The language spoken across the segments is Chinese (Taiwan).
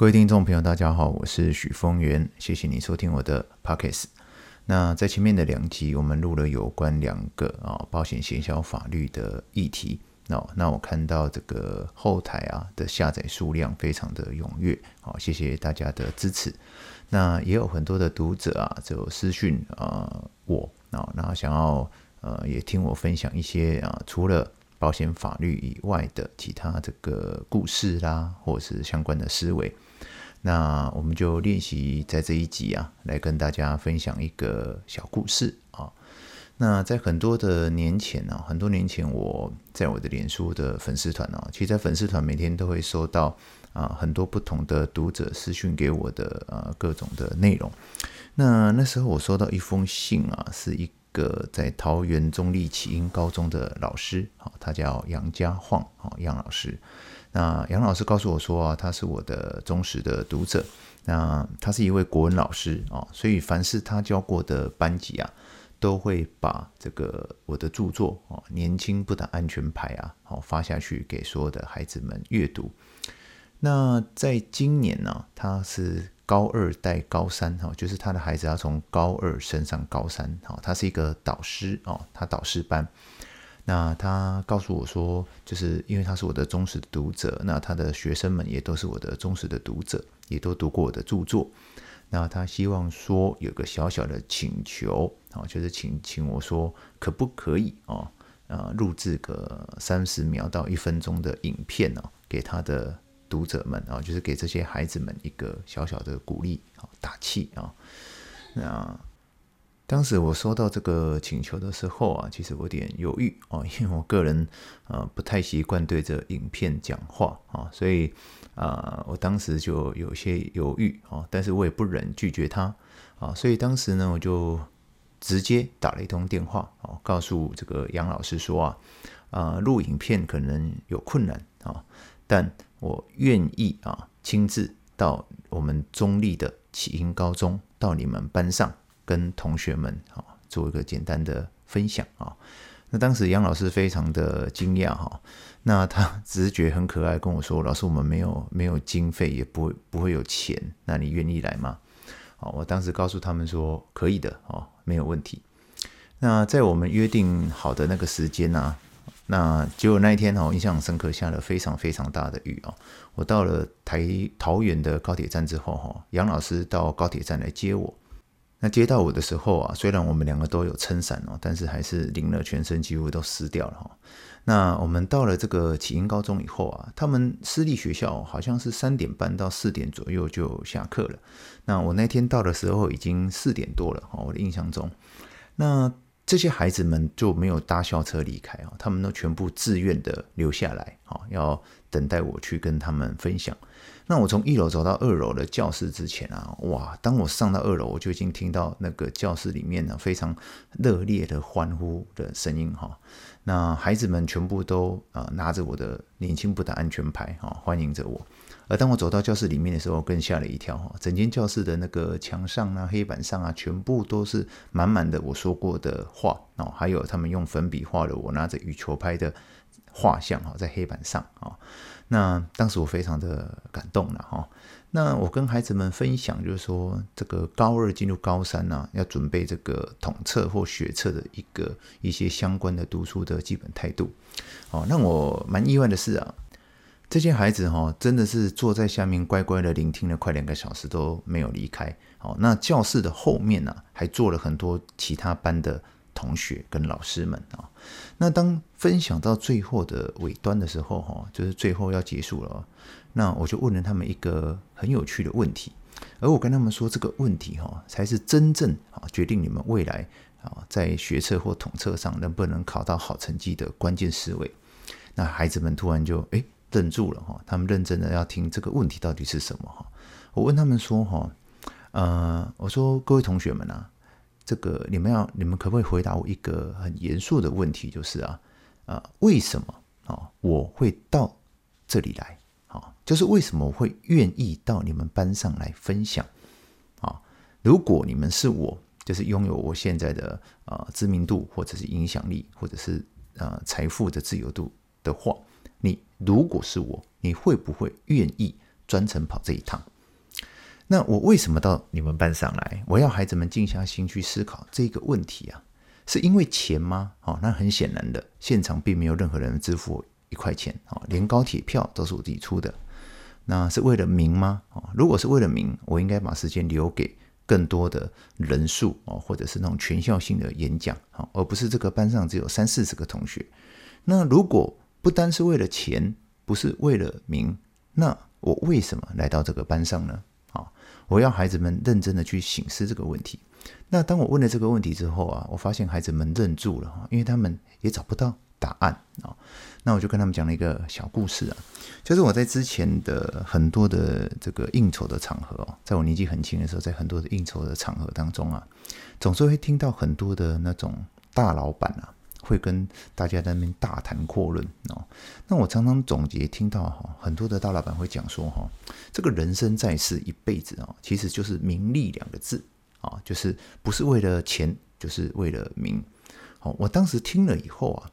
各位聽眾朋友，大家好，我是許峰源，謝謝你收聽我的 podcast。那在前面的兩集，我們錄了有關兩個啊、哦、保險協銷法律的議題。那、哦、那我看到這個後台啊的下載數量非常的踴躍，好、哦，謝謝大家的支持。那也有很多的讀者啊，就私訊啊、呃、我，啊、哦，然後想要呃也聽我分享一些啊、呃、除了保險法律以外的其他這個故事啦，或者是相關的思維。那我們就練習在這一集啊，來跟大家分享一個小故事啊。那在很多的年前呢、啊，很多年前我在我的臉書的粉絲團哦、啊，其實，在粉絲團每天都會收到啊很多不同的讀者私訊給我的啊各種的內容。那那時候我收到一封信啊，是一個在桃園中壢啟英高中的老師，啊，他叫楊家晃，啊，楊老師。那楊老師告訴我說啊，他是我的忠實的讀者。那他是一位國文老師啊，所以凡是他教過的班級啊，都會把這個我的著作啊《年輕不打安全牌》啊，好發下去給所有的孩子們閱讀。那在今年呢啊，他是高二帶高三哈，就是他的孩子要從高二升上高三哈，他是一個導師哦，他導師班。那他告訴我說，就是因為他是我的忠實讀者，那他的學生們也都是我的忠實的讀者，也都讀過我的著作。那他希望說有個小小的請求啊，就是請請我說可不可以、哦、啊啊錄製個三十秒到一分鐘的影片呢、哦，給他的讀者們啊、哦，就是給這些孩子們一個小小的鼓勵啊、哦，打氣啊、哦，那。當時我收到這個請求的時候啊，其實我有點猶豫啊、哦，因為我個人啊、呃、不太習慣對着影片講話啊、哦，所以啊、呃，我當時就有些猶豫啊、哦，但是我也不忍拒絕他啊、哦，所以當時呢，我就直接打了一通電話啊、哦，告訴這個楊老師說啊，啊、呃、錄影片可能有困難啊、哦，但我願意啊、哦、親自到我們中立的啟英高中到你們班上。跟同學們啊做一個簡單的分享啊，那當時楊老師非常的驚訝哈，那他直覺很可愛跟我說：“老師，我們沒有沒有經費，也不會不會有錢，那你願意來嗎？”哦，我當時告訴他們說：“可以的哦，沒有問題。”那在我們約定好的那個時間呢，啊，那結果那一天哦，印象深刻，下了非常非常大的雨哦。我到了台桃園的高鐵站之後，楊老師到高鐵站來接我。那接到我的時候啊，雖然我們兩個都有撐傘哦，但是還是淋了，全身幾乎都濕掉了哈。那我們到了這個啟英高中以後啊，他們私立學校好像是三點半到四點左右就下課了。那我那天到的時候已經四點多了哈，我的印象中。那這些孩子們就沒有搭校車離開哦，他們都全部自願的留下來哈，要等待我去跟他們分享。那我從一樓走到二樓的教室之前啊，哇！當我上到二樓，我就已經聽到那個教室裡面呢非常熱烈的歡呼的聲音哈。那孩子們全部都啊拿着我的年輕不打安全牌哈，歡迎着我。而當我走到教室裡面的時候，我更嚇了一跳。哈，整間教室的那個牆上啊、黑板上啊，全部都是滿滿的我說過的話哦，還有他們用粉筆畫的我拿着羽球拍的畫像，哦，在黑板上啊，哦。那當時我非常的感動了哈，哦。那我跟孩子們分享，就是說這個高二進入高三呢，啊，要準備這個統測或學測的一個一些相關的讀書的基本態度。哦，讓我蠻意外的是啊。這些孩子哈，真的是坐在下面乖乖的聆聽了快兩個小時，都沒有離開。好，那教室的後面呢，還坐了很多其他班的同學跟老師們啊。那當分享到最後的尾端的時候哈，就是最後要結束了，那我就問了他們一個很有趣的問題，而我跟他們說這個問題哈，才是真正啊決定你們未來啊在學測或統測上能不能考到好成績的關鍵思維。那孩子們突然就誒。愣住了哈，他們認真的要聽這個問題到底是什麼哈。我問他們說哈，呃，我說各位同學們吶、啊，這個你們要，你們可不可以回答我一個很嚴肅的問題，就是啊啊、呃，為什麼啊、呃、我會到這裡來啊、呃？就是為什麼我會願意到你們班上來分享啊、呃？如果你們是我，就是擁有我現在的啊、呃、知名度或者是影響力或者是、呃、財富的自由度的話。你如果是我，你會不會願意專程跑這一趟？那我為什麼到你們班上來？我要孩子們靜下心去思考這個問題啊，是因為錢嗎？哦，那很顯然的，現場並沒有任何人支付一塊錢，哦，連高鐵票都是我自己出的。那是為了名嗎？哦，如果是為了名，我應該把時間留給更多的人數哦，或者是那種全校性的演講，哦，而不是這個班上只有三四十個同學。那如果？不單是為了錢，不是為了名，那我為什麼來到這個班上呢？啊，我要孩子們認真的去省思這個問題。那當我問了這個問題之後啊，我發現孩子們愣住了，因為他們也找不到答案啊。那我就跟他們講了一個小故事啊，就是我在之前的很多的這個應酬的場合，在我年紀很輕的時候，在很多的應酬的場合當中啊，總是會聽到很多的那種大老闆啊。會跟大家在那邊大談闊論哦。那我常常總結聽到，很多的大老板會講說，這個人生在世一輩子，其實就是名利兩個字，就是不是為了錢，就是為了名。我當時聽了以後啊，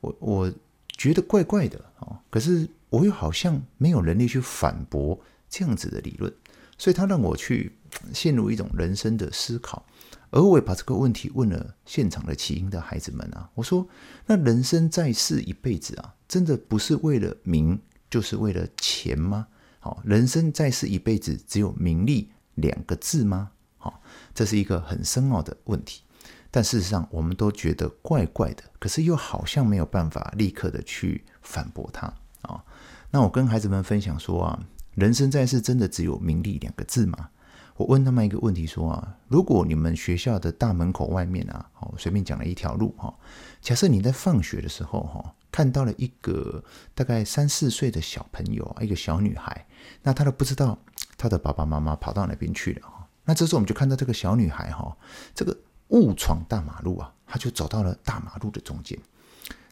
我我覺得怪怪的，可是我又好像沒有能力去反駁這樣子的理論，所以他讓我去陷入一種人生的思考。而我也把這個問題問了現場的起因的孩子們啊，我說：“那人生在世一輩子啊，真的不是為了名，就是為了錢嗎？好，人生在世一輩子只有名利兩個字嗎？好，這是一個很深奧的問題。但事實上，我們都覺得怪怪的，可是又好像沒有辦法立刻的去反駁他啊。那我跟孩子們分享說啊，人生在世真的只有名利兩個字嗎？”我問他們一個問題，說啊，如果你們學校的大門口外面啊，好，我隨便講了一條路哈、啊，假設你在放學的時候哈、啊，看到了一個大概三四歲的小朋友，一個小女孩，那她都不知道她的爸爸媽媽跑到哪邊去了哈、啊，那這時候我們就看到這個小女孩哈、啊，這個誤闖大馬路啊，她就走到了大馬路的中間，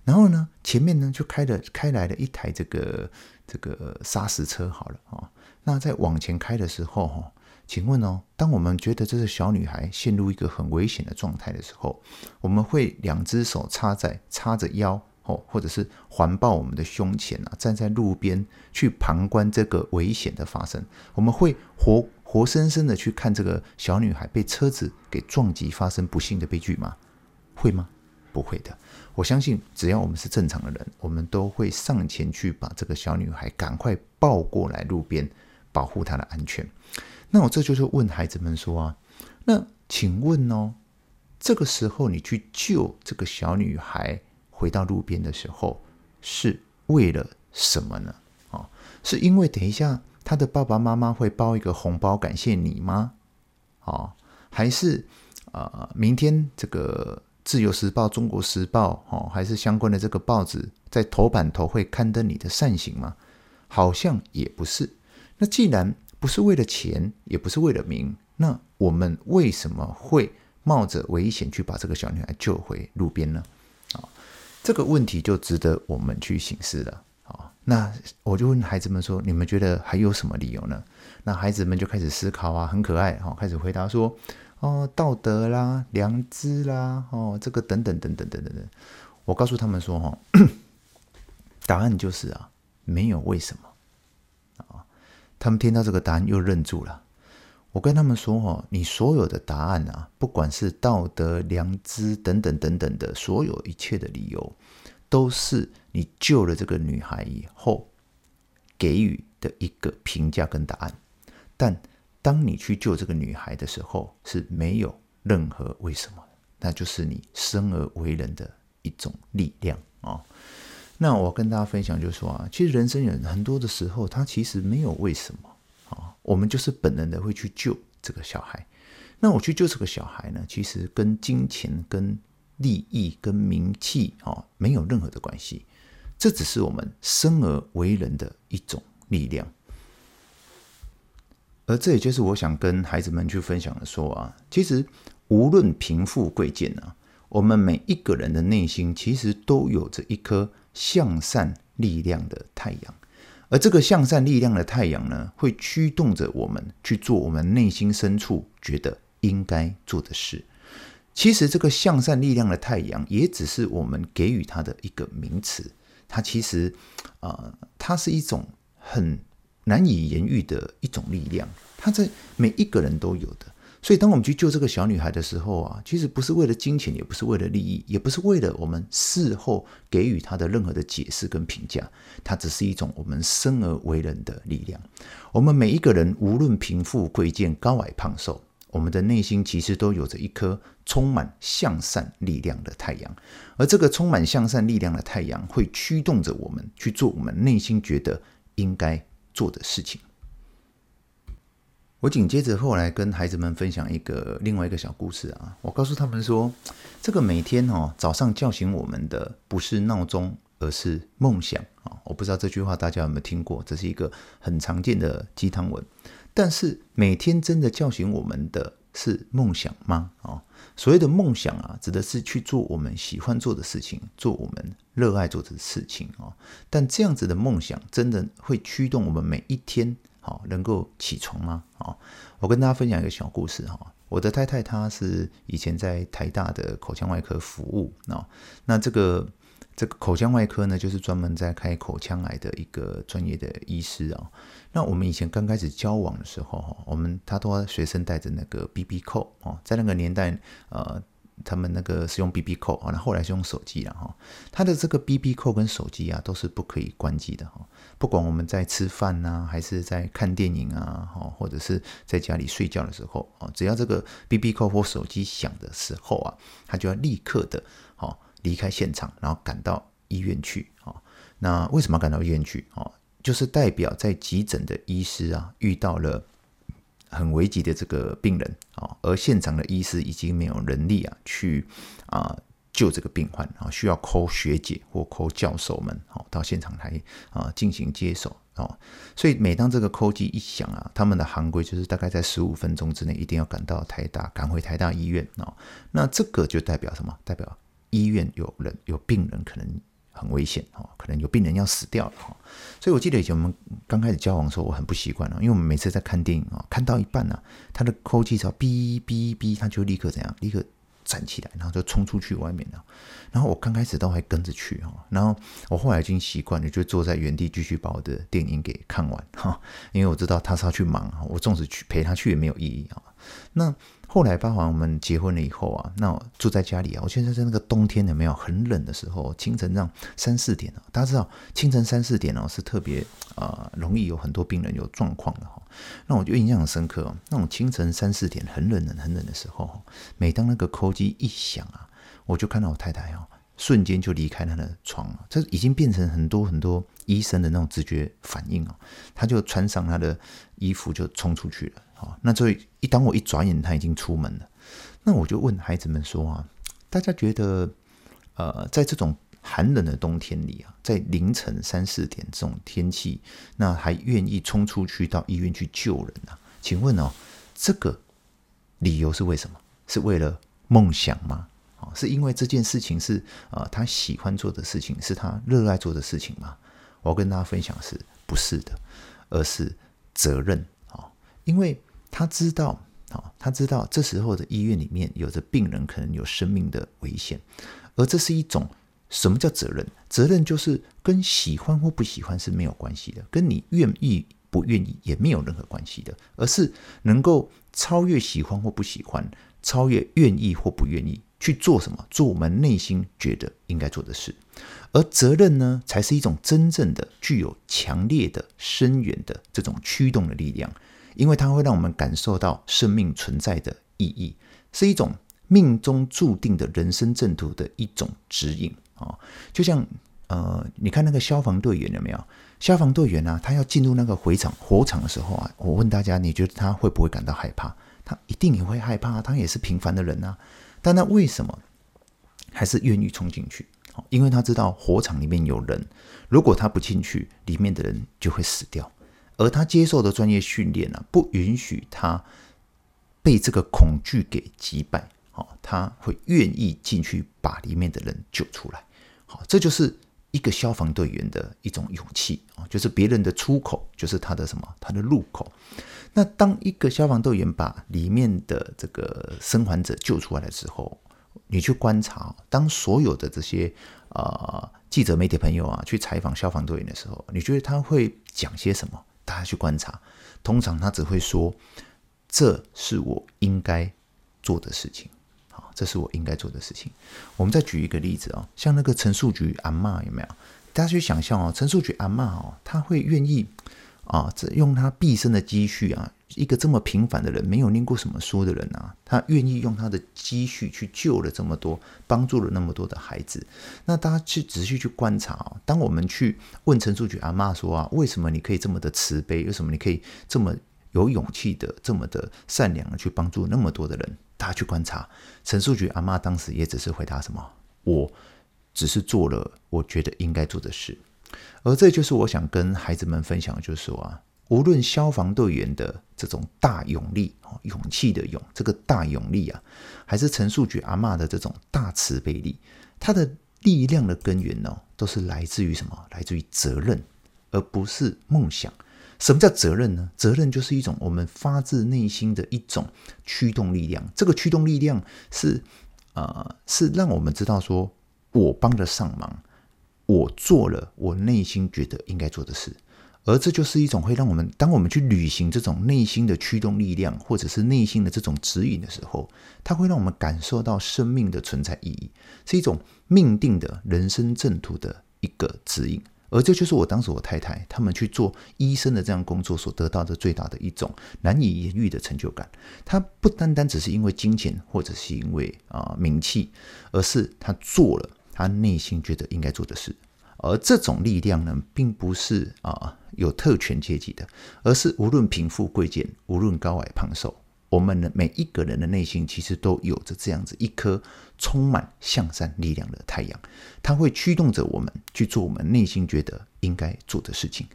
然後呢，前面呢就開了開來了一台這個這個砂石車好了啊，那再往前開的時候哈、啊。請問哦，當我們覺得這個小女孩陷入一個很危險的狀態的時候，我們會兩只手插在插着腰，哦，或者是環抱我們的胸前啊，站在路邊去旁觀這個危險的發生。我們會活活生生的去看這個小女孩被車子給撞擊，發生不幸的悲劇嗎？會嗎？不會的。我相信，只要我們是正常的人，我們都會上前去把這個小女孩趕快抱過來路邊，保護她的安全。那我這就是問孩子們說啊，那請問哦，這個時候你去救這個小女孩回到路邊的時候，是為了什麼呢？啊、哦，是因為等一下她的爸爸媽媽會包一個紅包感謝你嗎？啊、哦，還是啊、呃，明天這個《自由時報》《中國時報》哦，還是相關的這個報紙在頭版頭會刊登你的善行嗎？好像也不是。那既然不是為了錢，也不是為了名，那我們為什麼會冒着危險去把這個小女孩救回路邊呢？啊、哦，這個問題就值得我們去省思了。好、哦，那我就問孩子們說：你們覺得還有什麼理由呢？那孩子們就開始思考啊，很可愛哈、哦，開始回答說：哦，道德啦，良知啦，哦，這個等等等等等等，等等。我告訴他們說：哈、哦， 答案就是啊，沒有為什麼。他們聽到這個答案又愣住了。我跟他們說：“哈，你所有的答案啊，不管是道德、良知等等等等的所有一切的理由，都是你救了這個女孩以後給予的一個評價跟答案。但當你去救這個女孩的時候，是沒有任何為什麼，那就是你生而為人的一種力量啊。”那我跟大家分享就是說啊，其實人生有很多的時候，它其實沒有為什麼啊、哦，我們就是本能的會去救這個小孩。那我去救這個小孩呢，其實跟金錢、跟利益、跟名氣啊、哦，沒有任何的關係。這只是我們生而為人的一種力量。而這也就是我想跟孩子們去分享的說啊，其實無論貧富貴賤呢。我們每一個人的內心其實都有着一顆向善力量的太陽，而這個向善力量的太陽呢，會驅動着我們去做我們內心深處覺得應該做的事。其實，這個向善力量的太陽，也只是我們給予它的一個名詞。它其實，啊、呃，它是一種很難以言喻的一種力量，它在每一個人都有的。所以，當我們去救這個小女孩的時候啊，其實不是為了金錢，也不是為了利益，也不是為了我們事後給予她的任何的解釋跟評價，它只是一種我們生而為人的力量。我們每一個人，無論貧富貴賤、高矮胖瘦，我們的內心其實都有着一顆充滿向善力量的太陽。而這個充滿向善力量的太陽，會驅動着我們去做我們內心覺得應該做的事情。我緊接着後來跟孩子們分享一個另外一個小故事啊，我告訴他們說，這個每天哦早上叫醒我們的不是鬧鐘，而是夢想啊、哦！我不知道這句話大家有沒有聽過，這是一個很常見的雞湯文。但是每天真的叫醒我們的是夢想嗎？啊、哦，所謂的夢想啊，指的是去做我們喜歡做的事情，做我們熱愛做的事情啊、哦。但這樣子的夢想真的會驅動我們每一天？能夠起床嗎？我跟大家分享一個小故事哈。我的太太她是以前在台大的口腔外科服務，那那這個這個口腔外科呢，就是專門在開口腔癌的一個專業的醫師啊。那我們以前剛開始交往的時候，我們他都學生帶着那個 BB 扣，在那個年代呃，他們那個是用 BB 扣，啊，那後來是用手機了哈。他的這個 BB 扣跟手機啊，都是不可以關機的哈。不管我們在吃飯吶、啊，還是在看電影啊，哦，或者是在家裡睡覺的時候，哦，只要這個 BB Call 或手機響的時候啊，他就要立刻的，哦，離開現場，然後趕到醫院去，哦，那為什麼趕到醫院去？哦，就是代表在急診的醫師啊，遇到了很危急的這個病人，哦，而現場的醫師已經沒有能力啊，去，啊。就這個病患啊，需要 call 學姐或 call 教授們哦，到現場來啊，進行接手哦。所以每當這個 call 機一響啊，他們的行規就是大概在十五分鐘之內一定要趕到台大，趕回台大醫院哦。那這個就代表什麼？代表醫院有人有病人可能很危險，可能有病人要死掉了哈。所以我記得以前我們剛開始交往的時候，我很不習慣啊，因為我們每次在看電影啊，看到一半呢、啊，他的 call 機只要嗶嗶嗶，他就立刻怎樣，立刻。站起來，然後就衝出去外面了。然後我剛開始都還跟着去哈，然後我後來已經習慣了，就坐在原地繼續把我的電影給看完哈。因為我知道他是要去忙，我縱使去陪他去也沒有意義啊。那。後來，包括我們結婚了以後啊，那我住在家裡啊，我現在在那個冬天有沒有很冷的時候？清晨這樣三四點、啊、大家知道清晨三四點哦、啊，是特別啊、呃、容易有很多病人有狀況的哈、啊。那我就印象很深刻哦、啊，那種清晨三四點很冷很很冷的時候、啊，每當那個叩擊一響啊，我就看到我太太哦、啊，瞬間就離開她的床、啊，這已經變成很多很多醫生的那種直覺反應哦、啊，他就穿上他的衣服就衝出去了。好，那所以一當我一轉眼，他已經出門了，那我就問孩子們說啊，大家覺得，呃，在這種寒冷的冬天裡啊，在凌晨三四點這種天氣，那還願意衝出去到醫院去救人啊？請問哦，這個理由是為什麼？是為了夢想嗎？啊、哦，是因為這件事情是啊、呃、他喜歡做的事情，是他熱愛做的事情嗎？我要跟大家分享是，不是的，而是責任啊、哦，因為。他知道，啊，他知道這時候的醫院裡面有着病人可能有生命的危險，而這是一種什麼叫責任？責任就是跟喜歡或不喜歡是沒有關係的，跟你願意不願意也沒有任何關係的，而是能夠超越喜歡或不喜歡，超越願意或不願意。去做什麼？做我們內心覺得應該做的事。而責任呢，才是一種真正的、具有強烈的、深遠的這種驅動的力量，因為它會讓我們感受到生命存在的意義，是一種命中注定的人生正途的一種指引啊、哦！就像呃，你看那個消防隊員有沒有？消防隊員呢、啊，他要進入那個火場、火場的時候啊，我問大家，你覺得他會不會感到害怕？他一定也會害怕，他也是平凡的人啊。但他為什麼還是願意衝進去？因為他知道火場裡面有人，如果他不進去，裡面的人就會死掉。而他接受的專業訓練呢，啊，不允許他被這個恐懼給擊敗。好，他會願意進去把裡面的人救出來。好，這就是。一個消防隊員的一種勇氣啊，就是別人的出口，就是他的什麼，他的入口。那當一個消防隊員把裡面的這個生還者救出來的時候，你去觀察，當所有的這些啊、呃、記者、媒體朋友啊去採訪消防隊員的時候，你覺得他會講些什麼？大家去觀察，通常他只會說：“這是我應該做的事情。”好，這是我應該做的事情。我們再舉一個例子啊、哦，像那個陳樹菊阿嬤有沒有？大家去想象哦，陳樹菊阿嬤哦，她會願意啊，這用她畢生的積蓄啊，一個這麼平凡的人，沒有念過什麼書的人啊，她願意用她的積蓄去救了這麼多，幫助了那麼多的孩子。那大家去仔細去觀察哦，當我們去問陳樹菊阿嬤說啊，為什麼你可以這麼的慈悲？為什麼你可以這麼有勇氣的、這麼的善良的去幫助那麼多的人？大家去觀察陳樹菊阿嬤，當時也只是回答什麼：“我只是做了我覺得應該做的事。”而這就是我想跟孩子們分享，就是說啊，無論消防隊員的這種大勇力、勇氣的勇，這個大勇力啊，還是陳樹菊阿嬤的這種大慈悲力，他的力量的根源呢，都是來自於什麼？來自於責任，而不是夢想。什麼叫責任呢？責任就是一種我們發自內心的一種驅動力量。這個驅動力量是，呃，是讓我們知道說，我幫得上忙，我做了我內心覺得應該做的事。而這就是一種會讓我們，當我們去履行這種內心的驅動力量，或者是內心的這種指引的時候，它會讓我們感受到生命的存在意義，是一種命定的人生正途的一個指引。而這就是我當時，我太太他們去做醫生的這樣工作所得到的最大的一種難以言喻的成就感。他不單單只是因為金錢或者是因為啊、呃、名氣，而是他做了他內心覺得應該做的事。而這種力量呢，並不是啊、呃、有特權階級的，而是無論貧富貴賤，無論高矮胖瘦。我們的每一個人的內心，其實都有着這樣子一顆充滿向善力量的太陽，它會驅動着我們去做我們內心覺得應該做的事情。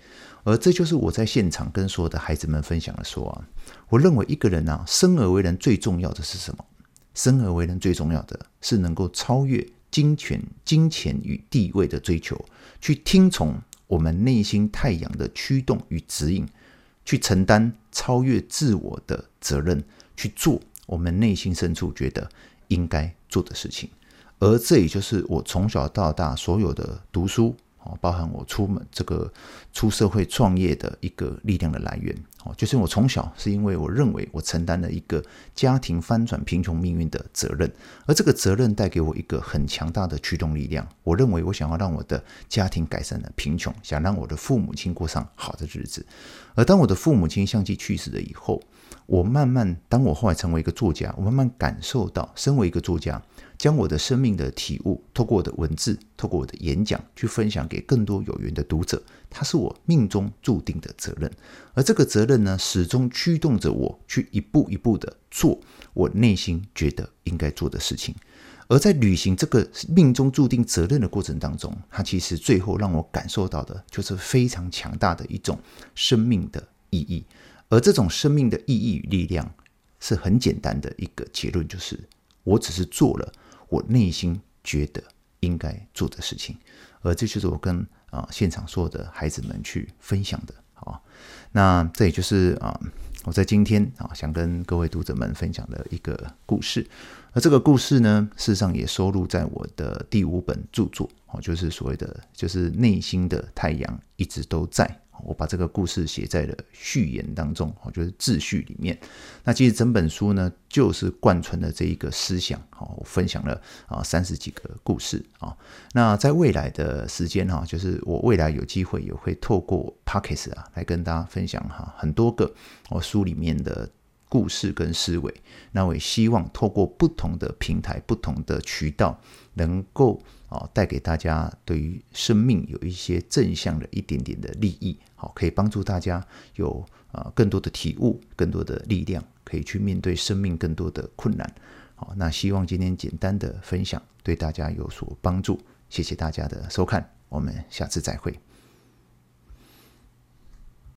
而這就是我在現場跟所有的孩子們分享的說啊，我認為一個人啊，生而為人最重要的是什麼？生而為人最重要的是能夠超越金錢、金錢與地位的追求，去聽從我們內心太陽的驅動與指引。去承擔超越自我的責任，去做我們內心深處覺得應該做的事情，而這也就是我從小到大所有的讀書。哦，包含我出門這個出社會創業的一個力量的來源。哦，就是我從小是因為我認為我承擔了一個家庭翻轉貧窮命運的責任，而這個責任帶給我一個很強大的驅動力量。我認為我想要讓我的家庭改善了貧窮，想讓我的父母親過上好的日子。而當我的父母親相繼去世了以後。我慢慢，當我後來成為一個作家，我慢慢感受到，身為一個作家，將我的生命的體悟，透過我的文字，透過我的演講，去分享給更多有緣的讀者，他是我命中注定的責任。而這個責任呢，始終驅動着我去一步一步的做我內心覺得應該做的事情。而在履行這個命中注定責任的過程當中，他其實最後讓我感受到的就是非常強大的一種生命的意義。而這種生命的意義與力量是很簡單的一個結論，就是我只是做了我內心覺得應該做的事情，而這就是我跟啊現場所有的孩子們去分享的啊。那這也就是啊我在今天啊想跟各位讀者們分享的一個故事。而這個故事呢，事實上也收錄在我的第五本著作哦，就是所謂的，就是內心的太陽一直都在。我把這個故事寫在了序言當中，哦，就是自序裡面。那其實整本書呢，就是貫穿了這一個思想，哦，我分享了啊三十幾個故事啊。那在未來的時間哈，就是我未來有機會也會透過 Podcast 啊，來跟大家分享哈很多個我書裡面的。故事跟思維，那我也希望透過不同的平台，不同的渠道，能夠啊帶給大家對於生命有一些正向的一點點的利益，好，可以幫助大家有啊更多的體悟，更多的力量，可以去面對生命更多的困難。好，那希望今天簡單的分享對大家有所幫助，謝謝大家的收看，我們下次再會。